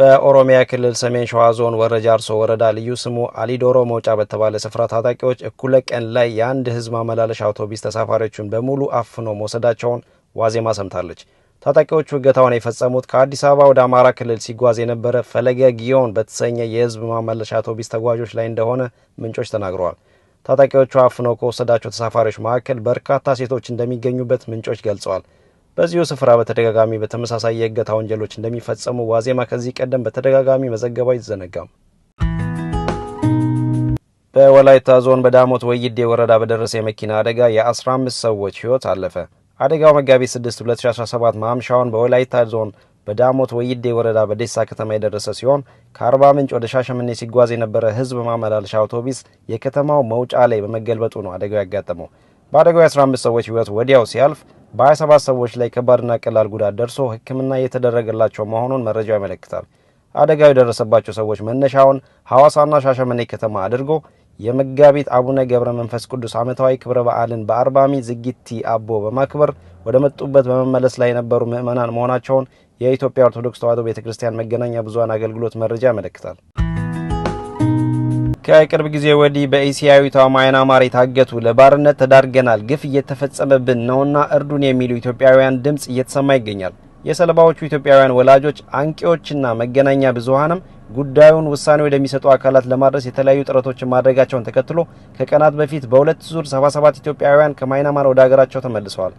በኦሮሚያ ክልል ሰሜን ሸዋ ዞን ወረጃ አርሶ ወረዳ ልዩ ስሙ አሊዶሮ መውጫ በተባለ ስፍራ ታጣቂዎች እኩለ ቀን ላይ የአንድ ህዝብ ማመላለሻ አውቶቡስ ተሳፋሪዎቹን በሙሉ አፍኖ መውሰዳቸውን ዋዜማ ሰምታለች። ታጣቂዎቹ እገታውን የፈጸሙት ከአዲስ አበባ ወደ አማራ ክልል ሲጓዝ የነበረ ፈለገ ጊዮን በተሰኘ የህዝብ ማመላለሻ አውቶቡስ ተጓዦች ላይ እንደሆነ ምንጮች ተናግረዋል። ታጣቂዎቹ አፍኖ ከወሰዳቸው ተሳፋሪዎች መካከል በርካታ ሴቶች እንደሚገኙበት ምንጮች ገልጸዋል። በዚሁ ስፍራ በተደጋጋሚ በተመሳሳይ የእገታ ወንጀሎች እንደሚፈጸሙ ዋዜማ ከዚህ ቀደም በተደጋጋሚ መዘገባ አይዘነጋም። በወላይታ ዞን በዳሞት ወይዴ ወረዳ በደረሰ የመኪና አደጋ የ15 ሰዎች ሕይወት አለፈ። አደጋው መጋቢት 6 2017 ማምሻውን በወላይታ ዞን በዳሞት ወይዴ ወረዳ በዴሳ ከተማ የደረሰ ሲሆን ከአርባ ምንጭ ወደ ሻሸመኔ ሲጓዝ የነበረ ህዝብ ማመላለሻ አውቶቢስ የከተማው መውጫ ላይ በመገልበጡ ነው አደጋው ያጋጠመው። በአደጋው የ15 ሰዎች ህይወት ወዲያው ሲያልፍ በ27 ሰዎች ላይ ከባድና ቀላል ጉዳት ደርሶ ሕክምና እየተደረገላቸው መሆኑን መረጃው ያመለክታል። አደጋው የደረሰባቸው ሰዎች መነሻውን ሐዋሳና ሻሸመኔ ከተማ አድርጎ የመጋቢት አቡነ ገብረ መንፈስ ቅዱስ ዓመታዊ ክብረ በዓልን በአርባሚ ዝግቲ ዝጊቲ አቦ በማክበር ወደ መጡበት በመመለስ ላይ የነበሩ ምዕመናን መሆናቸውን የኢትዮጵያ ኦርቶዶክስ ተዋሕዶ ቤተ ክርስቲያን መገናኛ ብዙኃን አገልግሎት መረጃ ያመለክታል። ከቅርብ ጊዜ ወዲህ በእስያዊቷ ማይናማር የታገቱ ለባርነት ተዳርገናል፣ ግፍ እየተፈጸመብን ነውና እርዱን የሚሉ ኢትዮጵያውያን ድምፅ እየተሰማ ይገኛል። የሰለባዎቹ ኢትዮጵያውያን ወላጆች፣ አንቂዎችና መገናኛ ብዙሃንም ጉዳዩን ውሳኔ ወደሚሰጡ አካላት ለማድረስ የተለያዩ ጥረቶችን ማድረጋቸውን ተከትሎ ከቀናት በፊት በሁለት ዙር 77 ኢትዮጵያውያን ከማይናማር ወደ ሀገራቸው ተመልሰዋል።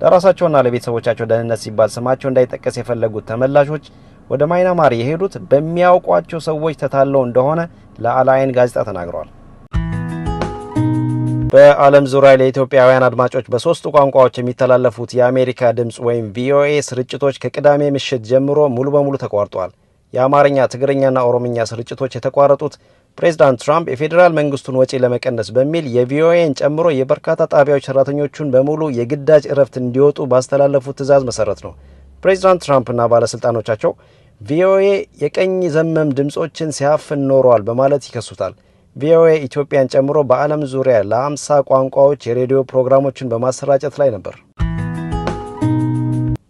ለራሳቸውና ለቤተሰቦቻቸው ደህንነት ሲባል ስማቸው እንዳይጠቀስ የፈለጉት ተመላሾች ወደ ማይናማር የሄዱት በሚያውቋቸው ሰዎች ተታለው እንደሆነ ለአላይን ጋዜጣ ተናግሯል። በዓለም ዙሪያ ለኢትዮጵያውያን አድማጮች በሶስቱ ቋንቋዎች የሚተላለፉት የአሜሪካ ድምፅ ወይም ቪኦኤ ስርጭቶች ከቅዳሜ ምሽት ጀምሮ ሙሉ በሙሉ ተቋርጠዋል። የአማርኛ ትግርኛና ኦሮምኛ ስርጭቶች የተቋረጡት ፕሬዚዳንት ትራምፕ የፌዴራል መንግስቱን ወጪ ለመቀነስ በሚል የቪኦኤን ጨምሮ የበርካታ ጣቢያዎች ሰራተኞቹን በሙሉ የግዳጅ እረፍት እንዲወጡ ባስተላለፉት ትዕዛዝ መሰረት ነው። ፕሬዚዳንት ትራምፕና ባለስልጣኖቻቸው ቪኦኤ የቀኝ ዘመም ድምፆችን ሲያፍን ኖሯል በማለት ይከሱታል። ቪኦኤ ኢትዮጵያን ጨምሮ በዓለም ዙሪያ ለአምሳ ቋንቋዎች የሬዲዮ ፕሮግራሞችን በማሰራጨት ላይ ነበር።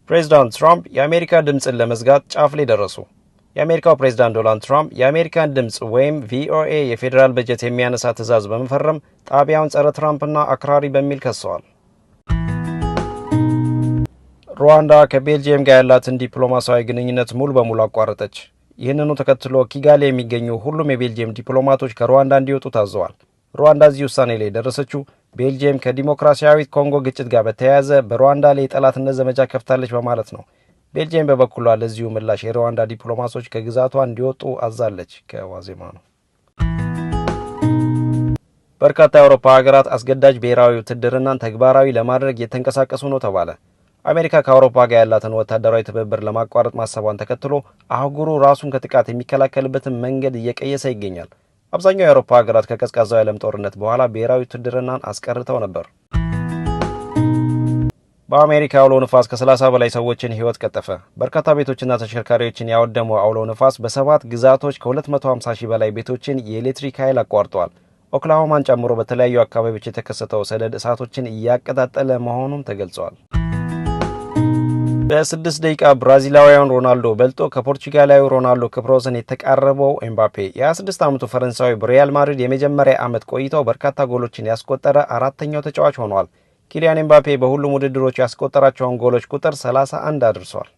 ፕሬዚዳንት ትራምፕ የአሜሪካ ድምፅን ለመዝጋት ጫፍ ላይ ደረሱ። የአሜሪካው ፕሬዚዳንት ዶናልድ ትራምፕ የአሜሪካን ድምፅ ወይም ቪኦኤ የፌዴራል በጀት የሚያነሳ ትዕዛዝ በመፈረም ጣቢያውን ጸረ ትራምፕና አክራሪ በሚል ከሰዋል። ሩዋንዳ ከቤልጅየም ጋር ያላትን ዲፕሎማሲያዊ ግንኙነት ሙሉ በሙሉ አቋረጠች። ይህንኑ ተከትሎ ኪጋሊ የሚገኙ ሁሉም የቤልጅየም ዲፕሎማቶች ከሩዋንዳ እንዲወጡ ታዘዋል። ሩዋንዳ እዚህ ውሳኔ ላይ የደረሰችው ቤልጅየም ከዲሞክራሲያዊት ኮንጎ ግጭት ጋር በተያያዘ በሩዋንዳ ላይ የጠላትነት ዘመቻ ከፍታለች በማለት ነው። ቤልጅየም በበኩሏ ለዚሁ ምላሽ የሩዋንዳ ዲፕሎማቶች ከግዛቷ እንዲወጡ አዛለች። ከዋዜማ ነው። በርካታ የአውሮፓ ሀገራት አስገዳጅ ብሔራዊ ውትድርናን ተግባራዊ ለማድረግ እየተንቀሳቀሱ ነው ተባለ። አሜሪካ ከአውሮፓ ጋር ያላትን ወታደራዊ ትብብር ለማቋረጥ ማሰቧን ተከትሎ አህጉሩ ራሱን ከጥቃት የሚከላከልበትን መንገድ እየቀየሰ ይገኛል። አብዛኛው የአውሮፓ ሀገራት ከቀዝቃዛው የዓለም ጦርነት በኋላ ብሔራዊ ውትድርናን አስቀርተው ነበር። በአሜሪካ አውሎ ንፋስ ከ30 በላይ ሰዎችን ህይወት ቀጠፈ። በርካታ ቤቶችና ተሽከርካሪዎችን ያወደመው አውሎ ንፋስ በሰባት ግዛቶች ከ250 ሺህ በላይ ቤቶችን የኤሌክትሪክ ኃይል አቋርጧል። ኦክላሆማን ጨምሮ በተለያዩ አካባቢዎች የተከሰተው ሰደድ እሳቶችን እያቀጣጠለ መሆኑም ተገልጿል። በስድስት ደቂቃ ብራዚላውያን ሮናልዶ በልጦ ከፖርቹጋላዊ ሮናልዶ ክብረ የተቃረበው ኤምባፔ የ26 ዓመቱ ፈረንሳዊ በሪያል ማድሪድ የመጀመሪያ ዓመት ቆይታው በርካታ ጎሎችን ያስቆጠረ አራተኛው ተጫዋች ሆኗል። ኪሊያን ኤምባፔ በሁሉም ውድድሮች ያስቆጠራቸውን ጎሎች ቁጥር 31 አድርሷል።